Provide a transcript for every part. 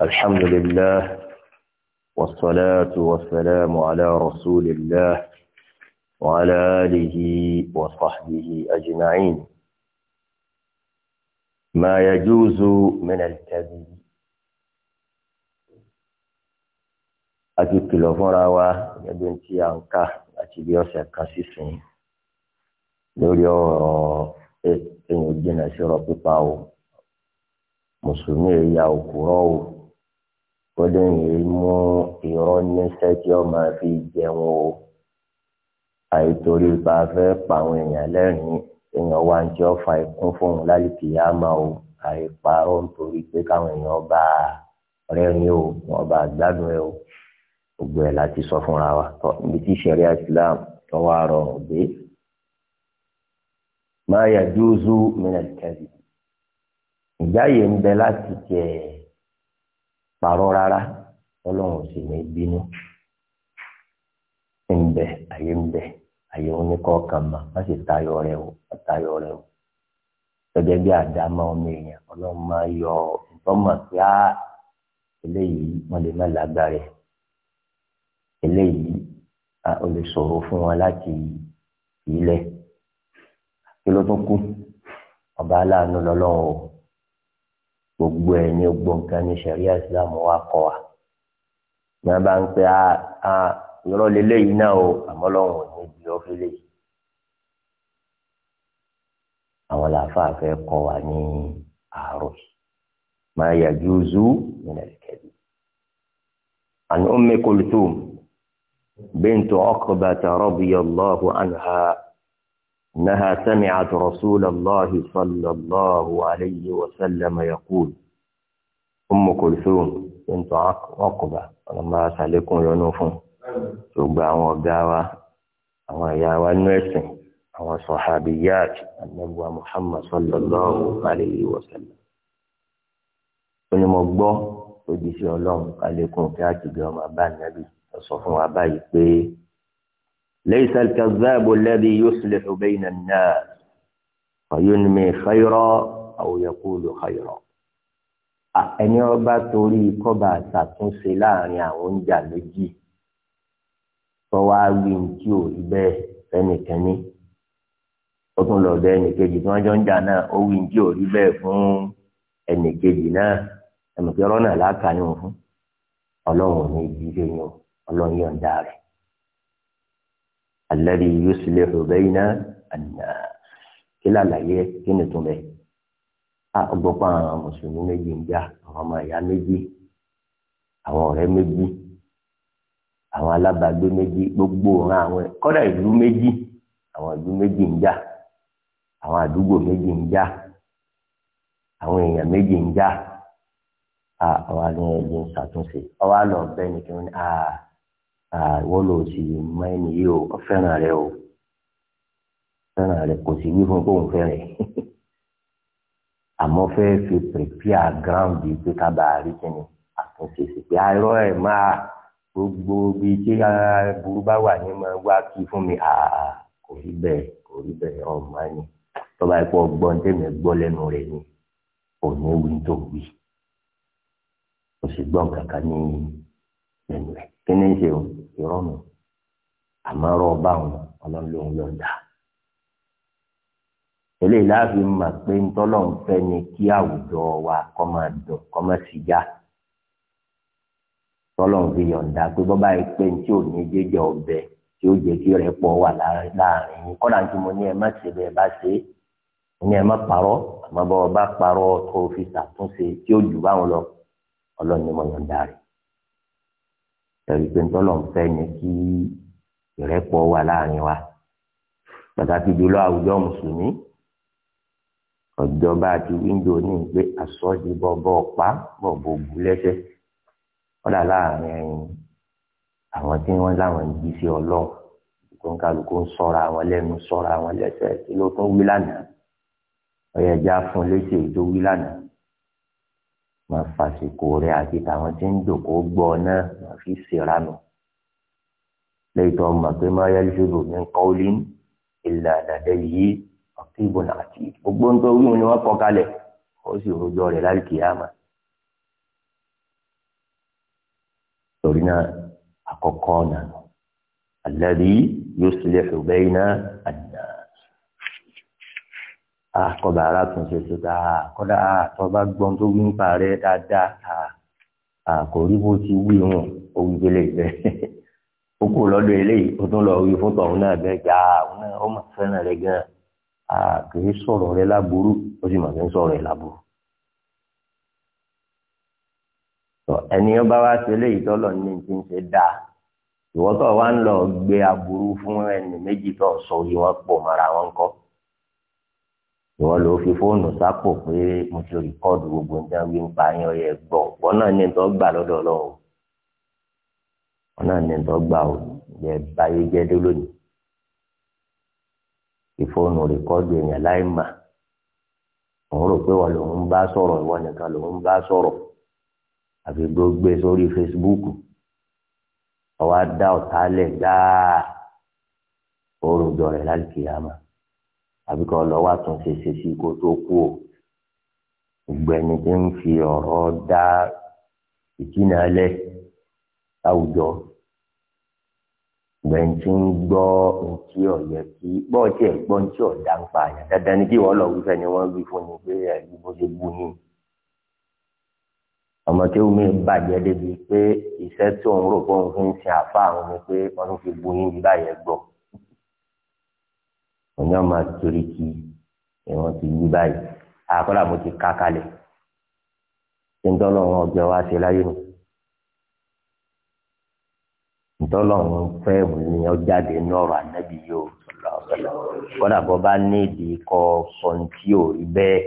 الحمد لله والصلاة والسلام على رسول الله وعلى آله وصحبه أجمعين ما يجوز من الكذب أكيد تلفون روا يبين تيانكا أكيد بيوسع كاسيسين نوريو إيه إيه جنسي ربي باو مسلمي يا أوكوراو kódé yìí mú irọ́ níṣẹ́ tí ó máa fi jẹun o àìtorí bá fẹ́ pa àwọn èèyàn lẹ́rìn-ín èèyàn wá ń jẹ́ ọ̀fà ikún fóun lálùkì yá máa o àìparọ́ nítorí pé káwọn èèyàn bá rẹ́rìn o wọ́n bá gbádùn ẹ o gbogbo ẹ̀ láti sọ fúnra wa tọ́ níbi tí ṣẹ̀ríà Islam tó wá rọrùn dé máa yà dúró zú mílẹ̀ kẹ́rì ìjáyè ń bẹ láti jẹ́ ẹ̀ parọ́ rárá ọlọ́run sì ní bínú ń bẹ ayé ń bẹ ayé ń ní kọ́ọ̀kan mà má sì tayọ rẹ o má tayọ rẹ o gẹ́gẹ́ bí àdámọ́ ọmọ èèyàn ọlọ́run máa yọ ìtọ́mọ̀ pé á eléyìí wọ́n lè má lágbára eléyìí ó lè ṣòro fún wọn láti ilẹ̀ kí ló tún kú ọba aláàánú lọ́lọ́run o gbogbo ẹ̀ ní gbogbo nǹkan ní sẹ̀ríà islam wà kọ́ wa ní a bá ń pẹ́ a a yọrọ lélẹ́yìí náà o àmọ́ lọ́wọ́ ní ibi ọ́fíìlì àwọn làáfàá fẹ́ kọ́ wa ní àárọ̀ máa yàjú zu nínú ẹ̀kẹ́bí. عن أم كلثوم بنت عقبة رضي الله عنها أنها سمعت رسول الله صلى الله عليه وسلم يقول أم كلثوم بنت عقبة لما سألكم ينوفون gbogbo àwọn ọ̀gá wa àwọn ìyá wa nú ẹ̀sìn àwọn sọ̀hábíyàt anábùwà muhammad sallallahu alayhi wa sallam. ó ní mo gbọ́ òjì sí ọlọ́run kálíkùn kí á ti gbé ọmọ abá nàbì sọ fún wa báyìí pé ليس الكذاب الذي يصلح بين الناس فينمي خيرا أو يقول خيرا ẹni ọba torí kọba àtàtúnṣe láàrin àwọn oúnjà méjì tọwọ awi tí ò rí bẹ́ẹ̀ fẹnìkẹni ó tún lọ bẹ ẹnìkejì tí wọn jọ ń jà náà ó wí tí ò rí bẹ́ẹ̀ fún ẹnìkejì náà ẹnìkejì ọ̀rọ̀ láàkàyàn fún Ọlọ́run ní í bí lẹ́yìn o Ọlọ́run yọ̀ǹda rẹ̀ alladhi yuslihu bayna an-nas kí lálàyé kí ni tún bẹ́ a gbọ́ pa àwọn mùsùlùmí méjì ń jà àwọn ọmọ ìyá méjì àwọn ọ̀rẹ́ méjì àwọn alábàágbé méjì gbogbo ọ̀ràn àwọn kọ́dà ìlú méjì àwọn ìlú méjì ń jà àwọn àdúgbò méjì ń jà àwọn èèyàn méjì ń jà àwọn àlùyẹn ẹ̀jẹ̀ ń ṣàtúnṣe ọwọ́ àlọ́ ọ̀bẹ nìkan ní àà ìwọ ló sì mọ ẹni yìí o fẹ́ràn rẹ o fẹ́ràn rẹ kò sì wí fún kóun fẹ́ràn àmọ́ fẹ́ fi pèpìà ground yìí pé ká bàa rí kíni àtúnṣe sí pé àìrọ́ ẹ̀ máa gbogbo bí tí burú bá wà ní máa wá kí fún mi kò rí bẹ́ẹ̀ kò rí bẹ́ẹ̀ ọmọ ẹni tọ́ba ẹ̀kọ́ gbọ́n tẹ̀mí gbọ́ lẹ́nu rẹ̀ ni kò ní wí tó wí kò sì gbọ́n kankan ní lẹ́nu rẹ̀ kí ni ṣe o irọ́ mi àmọ́ ọ̀rọ̀ ọba àwọn ọlọ́run ló ń yọ̀ǹda eléyìí láàfin mà pé ntọ́lọ̀ ń fẹ́ ni kí àwùjọ wa kọ́ máa dùn kọ́ máa sì já tọ́lọ̀ ń fi yọ̀ǹda pé bọ́bá yìí pé tí ò ní jẹ́jẹ́ ọbẹ̀ tí ó jẹ́ kí rẹ̀ pọ̀ wà láàrin kọ́dà tí mo ní ẹ má ṣe bẹ́ẹ̀ bá ṣe é ní ẹ má parọ́ àmọ́ bọ́ ọ bá parọ́ tó fi ṣàtúnṣe tí ó jù báwọn lọ ọlọ́run ni mo yọ̀ǹda rẹ̀ ẹ̀rí pé ntọ́lọ̀ ń ni kí ìrẹ́pọ̀ wà láàrin wa pàtàkì jùlọ àwùjọ mùsùlùmí ọ̀jọba àti wíńdò ní pé àsọ́jì bọ́bọ́ ọ̀pá bọ̀bọ̀ ògùn lẹ́sẹ̀ kọ́dà láàrin ẹ̀yìn àwọn tí wọ́n láwọn ń jí sí ọlọ́run tó ń kálukú ń sọ́ra àwọn lẹ́nu sọ́ra àwọn lẹ́sẹ̀ kí ló tún wí lánàá ọ̀yẹ̀dá fún léṣe tó wí lánàá máa fàṣìkò rẹ àti tàwọn tí ń jòkó gbọ́ náà máa fi ṣèrànù lẹ́yìn tó mọ̀ pé má yẹ lóṣù ní kọ́ọ̀lì ìlà àdàdẹ́ yìí ọ̀pẹ́ ìbọn àti gbogbo ń tó wí ni wọ́n kọ́ ó sì rojọ́ rẹ̀ láì kìyàmà. torí náà àkọ́kọ́ ọ̀nà alladhi yuslihu bayna ad àkọ́bà arákùnrin ṣe ta kọ́dà àtọ́ba gbọ́n tó wí ń parẹ́ dáadáa àkòrí bó ti wí wọn òun gbélé bẹ́ẹ̀ ó kò lọ́dọ̀ eléyìí ó tún lọ wí fún tọ̀hún náà bẹ́ẹ̀ gbà àwọn náà ó mà fẹ́ràn rẹ gan àkèrè sọ̀rọ̀ rẹ láburú ó sì mà fẹ́ sọ̀rọ̀ rẹ láburú. ẹni ọba wa ṣe eléyìí tọ́lọ̀ ní ti ń ṣe dáa ìwọ́tọ̀ wa ń lọ gbé aburú fún ẹni méjì tó sọ orí pọ̀ mọ́ra wọn kọ́ ìwọ ló fi fóònù sápò pé mo ti rìkọ́ọ̀dù gbogbo nǹkan wí ń pa yín ọyẹ gbọ̀ wọn náà ní tó gbà lọ́dọ̀ ọlọ́run wọn náà ní tó gbà ó yẹ báyé jẹ́ dé lónìí ìfóònù rìkọ́ọ̀dù èèyàn láì mà òun rò pé wọn lòun bá sọ̀rọ̀ ìwọ nìkan lòun bá sọ̀rọ̀ àfi gbogbo sórí Facebook ọwọ́ á dá ọ̀tá lẹ̀ gbáà oorun jọ rẹ̀ lálùkìyàmá àbí kọ́ lọ wá tún ṣe ṣe sí kó tó kú o gbogbo ẹni tí ń fi ọ̀rọ̀ dá ìkínà lẹ̀ láwùjọ gbẹ̀ǹ tí ń gbọ́ ntí ọ̀yẹ́ kí gbọ́ tí ẹ̀ gbọ́ ntí ọ̀dà ń pa àyàn dandan ni kí wọ́n lọ wífẹ́ ni wọ́n wí fún ni pé ẹ̀ bó ṣe bú ni ọmọ tí omi bàjẹ́ débi pé iṣẹ́ tí òun rò pé òun fi ń sin àfa àwọn ni pé wọ́n fi bú yín bí báyẹn gbọ́ òun náà máa torí kí ẹ̀wọ̀n ti yí báyìí ah, àkọ́lá mo ti ká kalẹ̀ ṣé ń tọ́lọ́ wọn ọjọ́ wa ṣe láyé nù ntọ́lọ́run fẹ́ ní ọjáde nọ́ọ̀rọ̀ ànábì yóò sọ̀lọ̀ ọ̀sọ̀lọ̀ kọ́dà bọ́ bá nídìí kọ́ sọ̀n tí ò rí bẹ́ẹ̀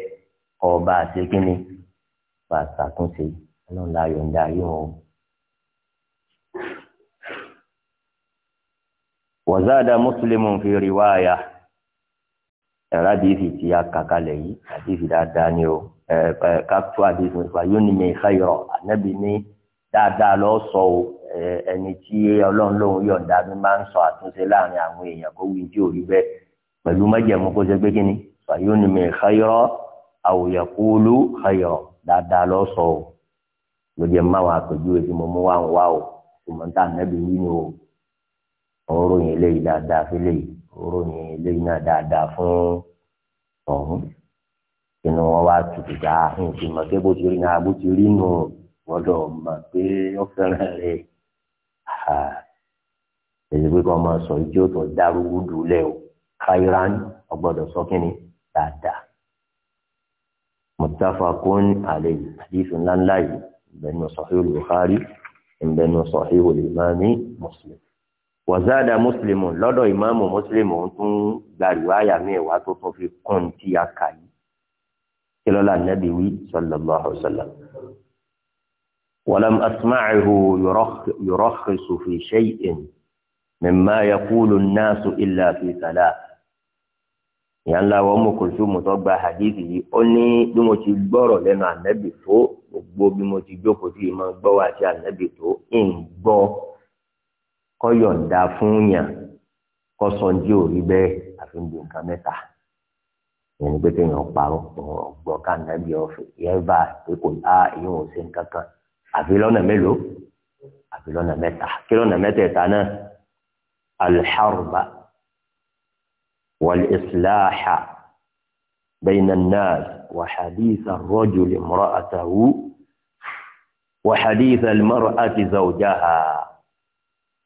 kọ́ bá a ṣe kínní bá a ṣàtúnṣe ọlọ́run láyọ̀ ń darí wọn. wàzáàdà mùsùlùmí fi riwaya ẹ̀rọ àdìsí ti àkàkalẹ̀ yìí àdìsí dáadáa ni o kápítù àdìsí nípa yóò ní mi ìfẹ́yọ̀ ànábì ní dáadáa lọ sọ o ẹni tí ọlọ́run lòun yọ̀ǹda mi máa ń sọ àtúnṣe láàrin àwọn èèyàn kó wí tí ò rí bẹ́ẹ̀ pẹ̀lú májẹ̀mú kó ṣe pé kí ni yóò ní mi ìfẹ́yọ̀ àwòyẹ̀ kúlú ìfẹ́yọ̀ dáadáa lọ sọ o lójú ẹ̀ máa wà pẹ̀lú èyí mo mú wá ń wá o kò mọ̀ ní tá ànábì wí ni o ọ̀rọ̀ yẹn léyìí dáadáa fi léyìí ròyìn eléyìí náà dáadáa fún ọ̀hún inú wọn wá tutù dá àwọn òfin mọ̀ pé bó ti rí náà bó ti rí nù gbọ́dọ̀ mọ̀ pé ó fẹ́ràn rẹ̀ èyí pé kọ́ máa sọ ijó tó dárúgbó dùlẹ̀ o káyìrán ọgbọ́dọ̀ sọ́kìnni dáadáa muttafaqun alayhi hadith ńláńlá yìí ìbẹ̀nu Sahih al-Bukhari ìbẹ̀nu wazada muslimu lọ́dọ̀ ìmáàmù muslimu tún gbàrúwá àyàmì ẹ̀wà tó tún fi kún tí a kà yìí kí lọ́la nàbí wí sallallahu alaihi wasallam. ولم أسمعه يرخص في شيء مما يقول الناس إلا في ثلاث ìyá ńlá wa Ummu Kulthum gba hadithi yìí ó ní bí mo ti gbọ́rọ̀ lẹ́nu ànábì tó gbogbo bí mo ti jókòó sí ìmọ̀ gbọ́wọ́ àti ànábì tó ń gbọ́ kọ́yọ̀ǹda fún yàn kọ́sọ̀ndí ò rí bẹ́ẹ̀ àfi ń di nǹkan mẹ́ta ìyẹn ni pé kéèyàn parọ́ ọgbọ́n kànáàbí ọ̀fẹ́ yẹ́nfà pé kò tá ìyẹn ò ṣe nǹkan kan àfi lọ́nà mélòó àfi lọ́nà mẹ́ta kí lọ́nà mẹ́tẹ̀ẹ̀ta náà alḥarba wàlíṣláḥà bẹ́yìn náà wàhadíṣà rọ́jùlì mọ́rọ́ àtàwù wàhadíṣà mọ́rọ́ àti zàwùjáhà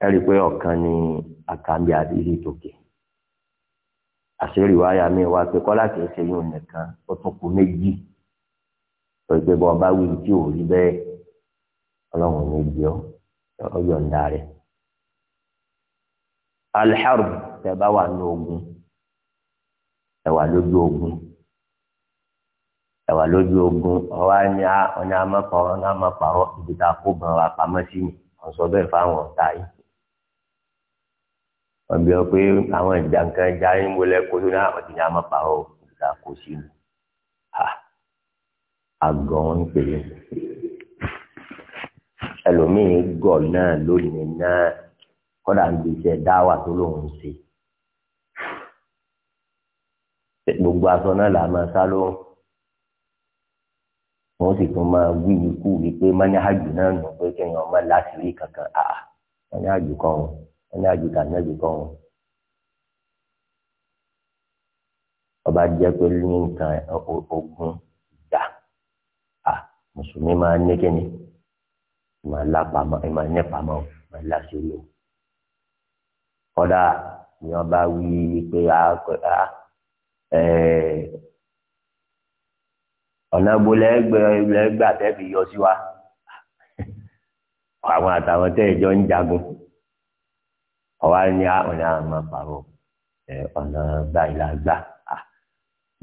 ẹ̀rí pé ọ̀kan ni àkànbí àdìrí tòkè àṣírí wáyà mi wá pé kọ́lá kìí ṣe yóò nìkan ó tún kù méjì tó ṣe bọ́ ọba wí tí ò rí bẹ́ẹ̀ ọlọ́run ní ibi ọ rẹ̀. alḥarb tẹ bá wà ní ogun ẹ wà lójú ogun ẹ wà lójú ogun ọwọ́ ni ọ̀nà àmọ́pàrọ̀ ọ̀nà àmọ́pàrọ̀ ibi tá a kó gan wa pamọ́ sí ni ọ̀sọ́ bẹ́ẹ̀ fáwọn ọ̀tá yìí wọ́n bí wọn pé àwọn ìjànkan ìjà ń wọlé kojú náà wọ́n ti ní àmọ́ pa ọ́ ìjà kò sí ni àgọ́ wọn ń pèlè ẹlòmíín gọ̀ náà lónìí náà kọ́dà ń gbèsè dáwà tó lóun ṣe gbogbo aṣọ náà là máa sá lóhùn wọn sì tún máa wí ikú wípé mọ́níhàjù náà nù pé kéèyàn ọmọ láti rí kankan àà mọ́níhàjù kan o ẹni àjùkà nẹ́bí kan wọn. ọba jẹ́ pé ní nǹkan ogun dà á mùsùlùmí máa ní kíni máa lápamọ́ ẹ máa nípamọ́ máa láṣìírí o. kọ́dà ni wọ́n bá wí pé a ọ̀nà gbolẹ̀ ẹgbẹ̀rún ẹgbẹ̀rún àtẹ́bí yọ sí wa àwọn àtàwọn tẹ́ ìjọ ń jagun ọ̀wá ní ah, ọ̀nà àmọ́ pàrọ̀ ọ̀nà báyìí la gbà ah,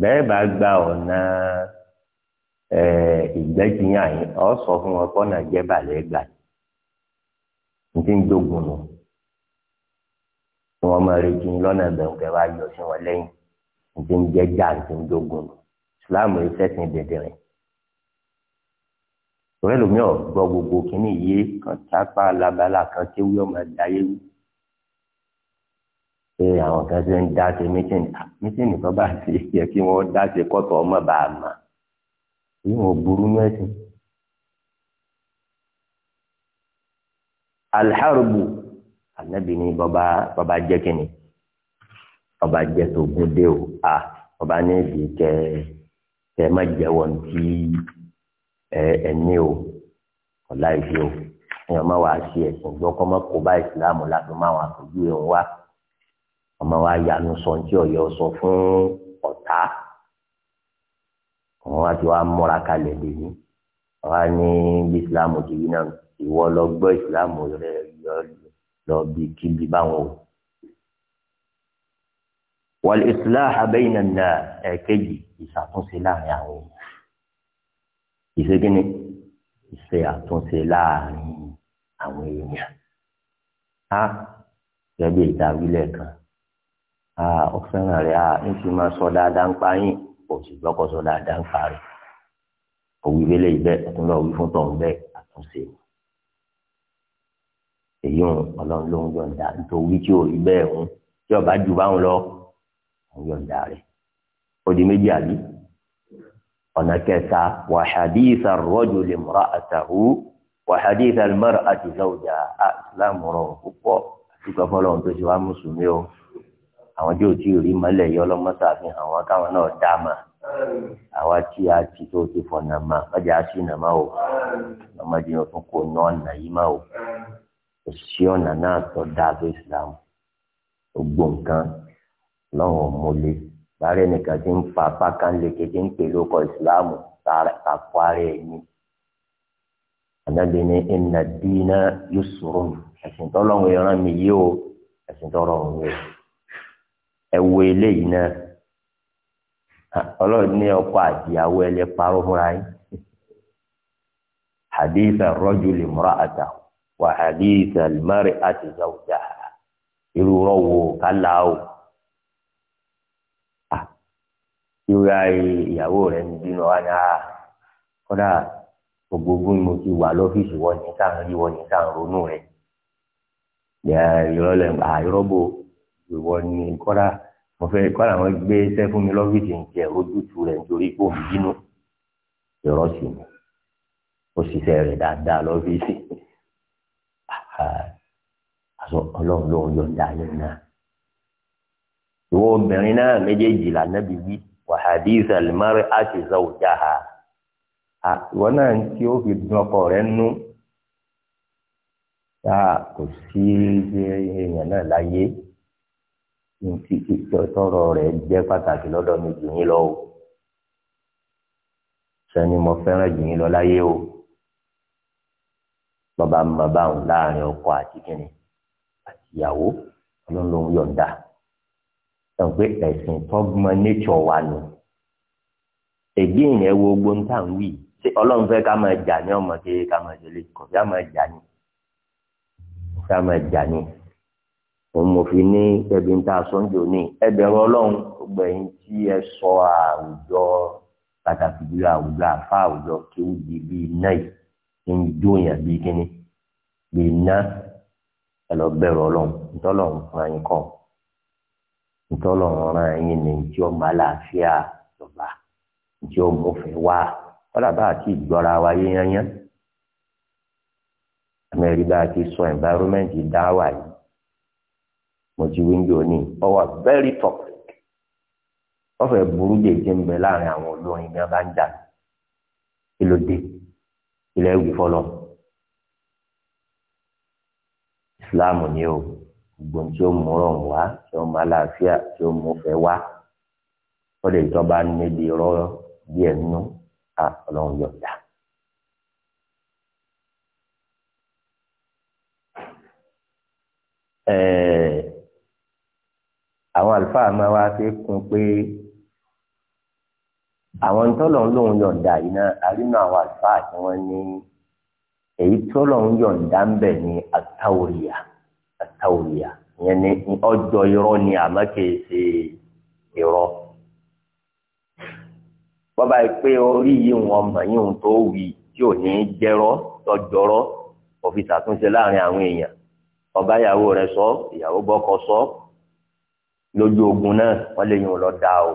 bẹ́ẹ̀ bá gba ọ̀nà ìgbẹ́jìyàn yìí ọ̀ sọ fún wọn pọ́nà jẹ́ balẹ̀ gbà ní ń dógun nù tí wọ́n máa retí lọ́nà ìbẹ̀rùkẹ́ wá yọ sí wọn lẹ́yìn ní ń jẹ́ jà ní ń dógun nù Islam yìí sẹ́sìn dẹ̀dẹ̀rẹ̀ torí ẹlòmíràn gbọ́ gbogbo kínní yìí kan tápá labala kan kéwú ọmọ ẹ̀dá yẹn wí pé àwọn kan ṣe ń dá ṣe mítìnì mítìnì tó bá ṣe yẹ kí wọ́n dá ṣe kọ́tọ̀ ọmọ bá a mà èyí wọn burú ní ẹ̀sìn. alḥarbu anabi ni bọba bọba jẹ kini bọba jẹ togun de o a bọba ní ibi kẹ kẹ má jẹwọ ntí ẹ ẹni o ọlá o èèyàn má wàá ṣe ẹsìn gbọ́ kọ́ má kó bá ìsìlámù láti má wàá fojú ẹ̀ wá ọmọ wa yanu sọ ní tí ọyọ sọ fún ọ̀tá wọn wá ti wá múra kalẹ̀ lé ní wọn ní islam ti yí náà ìwọ lọ gbọ́ islam rẹ lọ bí kíbi báwọn o. wal islah bayna an-nas ẹ̀kejì ìṣàtúnṣe láàrin àwọn èèyàn ìṣègínní ìṣe àtúnṣe láàrin àwọn èèyàn. a gẹ́gẹ́ bí ìdáwílẹ̀ kan ó fẹ́ràn rẹ̀ à ń fi máa sọ dáadáa ń pa yín kò sì gbọ́kọ̀ sọ dáadáa ń parí òwì bẹ́lẹ̀ ìbẹ́ ọ̀tún lọ wí fún tọ̀hún bẹ́ẹ̀ àtúnṣe èyí ń ọlọ́run ló ń yọ̀ǹda nítorí tí ò rí bẹ́ẹ̀ ń tí ọba jù bá ń lọ ń yọ̀ǹda rẹ̀ ó di méjì àbí ọ̀nà kẹta wa hadith ar-rajuli imra'atahu wa hadith al-mar'ati zawjaha àti púpọ̀ àti kọ́fọ́ tó ti wá mùsùlùmí o àwọn tí ò tí ì rí mọ́lẹ̀ yọ ọlọ́mọ́sá àfihàn wọn káwọn náà dá mà àwa tí a ti tó ti fọ̀nà mà ọjà á sì nà má o ọmọdé yẹn tún kò ná ọ̀nà yìí má o kò ọ̀nà náà tó dáa fún Islam gbogbo nǹkan lọ́wọ́ mọ́lẹ̀ bàárẹ̀ nìkan ti ń fa apá kan leke ti ń pè lóko Islam takọ ara ẹ̀ ní anabini ina diina yusurun ẹ̀sìn tọ́lọ́run ẹran mi yìí o ẹ̀sìn tọ́lọ́run yìí o ẹ wo eléyìí náà ọlọ́run ní ọkọ àdìyàwó ẹ lè parọ́ fúnra yín hadith ar-rajuli imra'atahu wa hadith al-mar'ati zawjaha irú rọwọ kálá o ìwé ìyàwó rẹ ń bínú wa ní a kódà gbogbo mo ti wà lọ́fíìsì wọ́n ní sáà rí wọ́n ní sáà ń ronú rẹ̀ ìrọ̀lẹ́ àìrọ́bó ìwọ ni kọ́ra mo fẹ́ kọ́ra wọn gbé iṣẹ́ fún mi lọ́fíìsì ń jẹ ojútùú rẹ̀ nítorí pé òun bínú ìrọ́ sí mi ó ṣiṣẹ́ rẹ̀ dáadáa lọ́fíìsì àṣọ ọlọ́run ló ń yọ̀ǹda yẹn náà ìwọ obìnrin náà méjèèjì lànàbí wí wàhádìí ìsàlùmárì àti zawjaha ìwọ náà tí ó fi dun ọkọ rẹ̀ nú tá kò sí èèyàn náà láyé tọrọ rẹ̀ jẹ́ pàtàkì lọ́dọ̀ mi jù yín lọ o sani mo fẹ́ràn jù yín lọ láyé o bàbá bàbá òun láàrin ọkọ àti kìnnì àti ìyàwó ọlọ́run lòún yọ̀ǹda ẹ̀ pé ẹ̀sìn tọ́gbọ́n nature wa nù èdè yẹn wo gbóńtà ń wì ṣé ọlọ́run fẹ́ ká máa jà ní ọmọ kékeré ká máa délé kọ̀ọ̀fẹ́ máa jà ní ká máa jà ní òun mo fi ní ẹbí ń ta sọ́njò ní ẹbẹ̀rún ọlọ́run gbogbo ẹ̀yin tí ẹ sọ àwùjọ pàtàkì jùlọ àwùjọ àfa àwùjọ kí ó di bíi iná yìí kí n jóyàn bíi kíní bíi iná ẹ lọ bẹ̀rù ọlọ́run ntọ́lọ́run fún ẹ̀yin kọ́ ntọ́lọ́run rán ẹ̀yin ní tí ó máa láàfíà jọba tí ó mọ̀fẹ́ wá kọ́dà bá àti ìgbọ́ra wa yé yányán àmì bá ti sọ environment dáwà yìí mo ti wíńdò ní very toxic wọ́n fẹ́ burú jẹjẹ ń bẹ láàrin àwọn olórin bí wọ́n bá ń ilẹ̀ ìwé fọlọ́ ìsìláàmù ni o gbogbo tí ó mú ọrùn wá tí ó mú àlàáfíà tí ó mú fẹ́ wá ó lè tọ́ba níbi rọ́rọ́ díẹ̀ nínú a ọlọ́run yọ̀ọ̀dá. ẹ̀ẹ́. àlùfáà máa wá fi kún pé àwọn tọ́lọ̀ ń lòun yọ̀ǹda yìí náà àrínú àwọn àlùfáà tí wọ́n ní èyí tọ́lọ̀ ń yọ̀ǹda ń àtàwòrìyà ni àmọ́ kìí ṣe irọ́ pé orí wọn mọ̀ yìí wọn tó wì tí ò ní jẹ́rọ́ tọ́jọ́rọ́ òfin ṣàtúnṣe láàrin ọba ìyàwó rẹ̀ sọ ìyàwó bọkọ lójú ogun náà wọ́n lè yún un lọ da o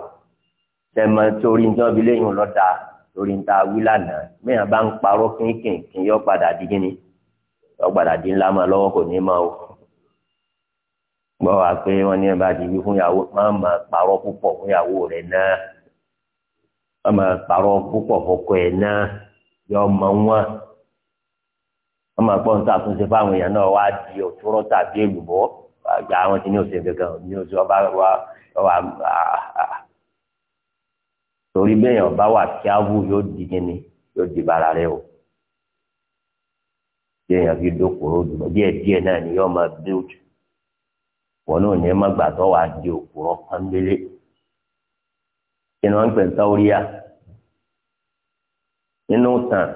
tẹmọ torí nítorí bí lè yún un lọ da torí níta wí lánàá mẹ́rin bá ń parọ́ kínkìnkín yọ padà di kíni yọ padà di ńlá máa lọ́wọ́ kò ní máa o gbọ́ wa pé wọ́n ní ẹ̀bá ti wí fún ìyàwó máa ma parọ́ púpọ̀ fún ìyàwó rẹ̀ náà máa ma parọ́ fọkọ ẹ̀ náà yọ ọmọ wọn wọ́n máa gbọ́ níta àtúnṣe fáwọn èèyàn náà wá di òtúrọ́ tàbí èlùbọ́ àgbà àwọn tí ní òsè kankan ní oṣù ọba wa ọba torí bẹ́ẹ̀ ọba wà kí á wù yóò di kíni yóò di bara rẹ o díẹ̀ yẹn fi dókòrò dùnú díẹ̀ díẹ̀ náà ni yóò máa build wọn náà ní má gbàtọ́ wà di òkúrọ̀ pọ́nbélé kí ni wọ́n ń pè ń sáwóríyá nínú tàn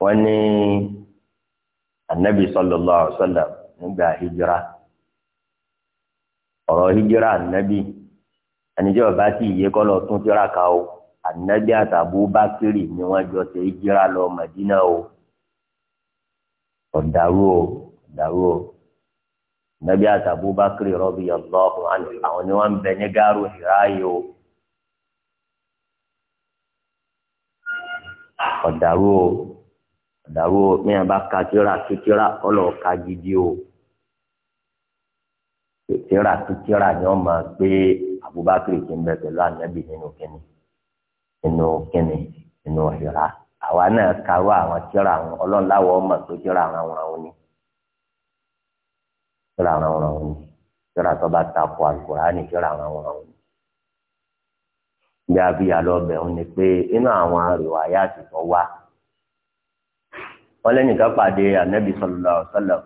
wọ́n ní anabi sallallahu alaihi wasallam nígbà hijira ọ̀rọ̀ hijira anabi ẹnìjẹ́ ọba tí ìyẹ́ kọ́ lọ tún tíra ka o anabi àtàbù bákìrì ni wọ́n jọ ṣe hijira lọ Madina o ọ̀dàrú o ọ̀dàrú o anabi àtàbù bákìrì radiyallahu anhu àwọn ni wọ́n ń bẹ ní gáàrú hìráyè o. ọ̀dàrú o àdàwọ mìíràn bá ka tíra títíra kọlọ ka gidi o títíra títíra ni wọn máa gbé Abubakar ti ń bẹ pẹ̀lú anabi nínú kínní nínú kínní nínú ìra àwa náà karú àwọn tíra àwọn ọlọ́láwọ̀ ọmọ tó tíra àwọn àwọn ni tíra àwọn àwọn àwọn ni tíra tó bá takò Al-Kùránì tíra àwọn àwọn ni bí a bí alọ́ bẹ̀ ọ́ ni pé inú àwọn àrèwáyà ti tọ́ wá wọ́n lẹ́nìkan pàdé ànábì sallallahu alaihi wasallam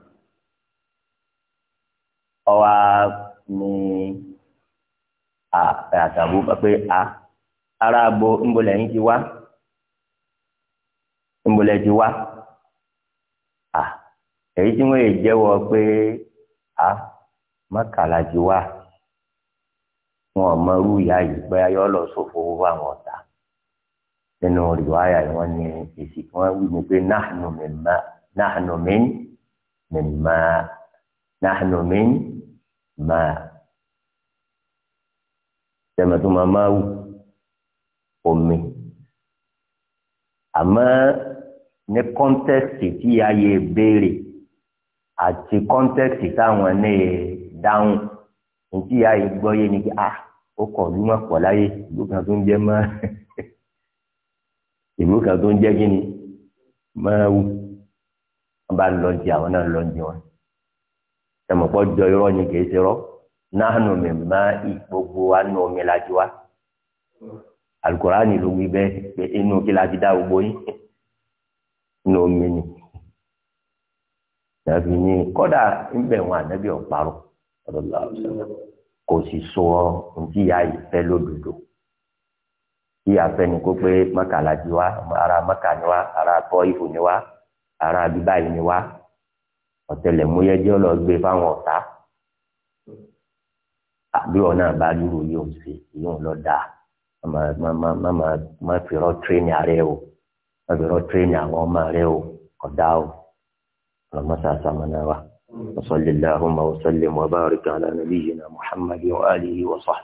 ọwọ́ ní àtàbù pé a ara gbo ńbọlẹ̀ yín ti wá ńbọlẹ̀ ti wá a èyí tí wọ́n yè jẹ́wọ́ pé a mọ́kàlá ti wá wọn ò mọ irú ìyá yìí pé ayọ́ lọ sófo owó àwọn ọ̀tá nínú rìwáyà wọn ni èsì wọn wí ni pé nahnu mimma nahnu min mimma nahnu min ma tẹmẹtù màmá wù omi àmọ́ ní kọ́ńtẹ́kìtì tí ayé béèrè àti kọ́ńtẹ́kìtì táwọn ní dáhùn ní tí ayé gbọ́ yé ni pé ah ó kọ̀ ọdún mọ̀ pọ̀ láyé ìlú tó ń jẹ́ mọ́. ìlú kan tó ń jẹ́ kí ni máa wù wọ́n bá lọ jẹ àwọn náà lọ jẹ wọn tẹmọ̀pọ̀ jọ irọ́ ni kì í ṣe rọ́ náà nù mí má gbogbo wa nù la ti wá alukoraani ló wí bẹ́ẹ̀ pé inú kí la ti dá gbogbo yín inú omi ni nàbí ni kọ́dà ń bẹ̀ wọn ànábì ọ̀parọ́ kò sì sọ ohun tí ìyá yìí fẹ́ lódodo. kí afẹnukó pé mọ́kàlá ti ara mọ́kà ni wa ara tọ́ ìfò ni wá ara bíbáyìí ni wa ọ̀tẹlẹ̀múyẹ́ lọ gbé fáwọn ọ̀tá àbí ọ̀nà àbájúrò yóò ṣe yóò lọ ma má fìrọ́ tírénì ààrẹ o má fìrọ́ tírénì àwọn ọmọ o kódà o ọlọmọsà sàmánà wa wasalli allahumma wasalli wa barik ala nabiyyina muhammad wa alihi wa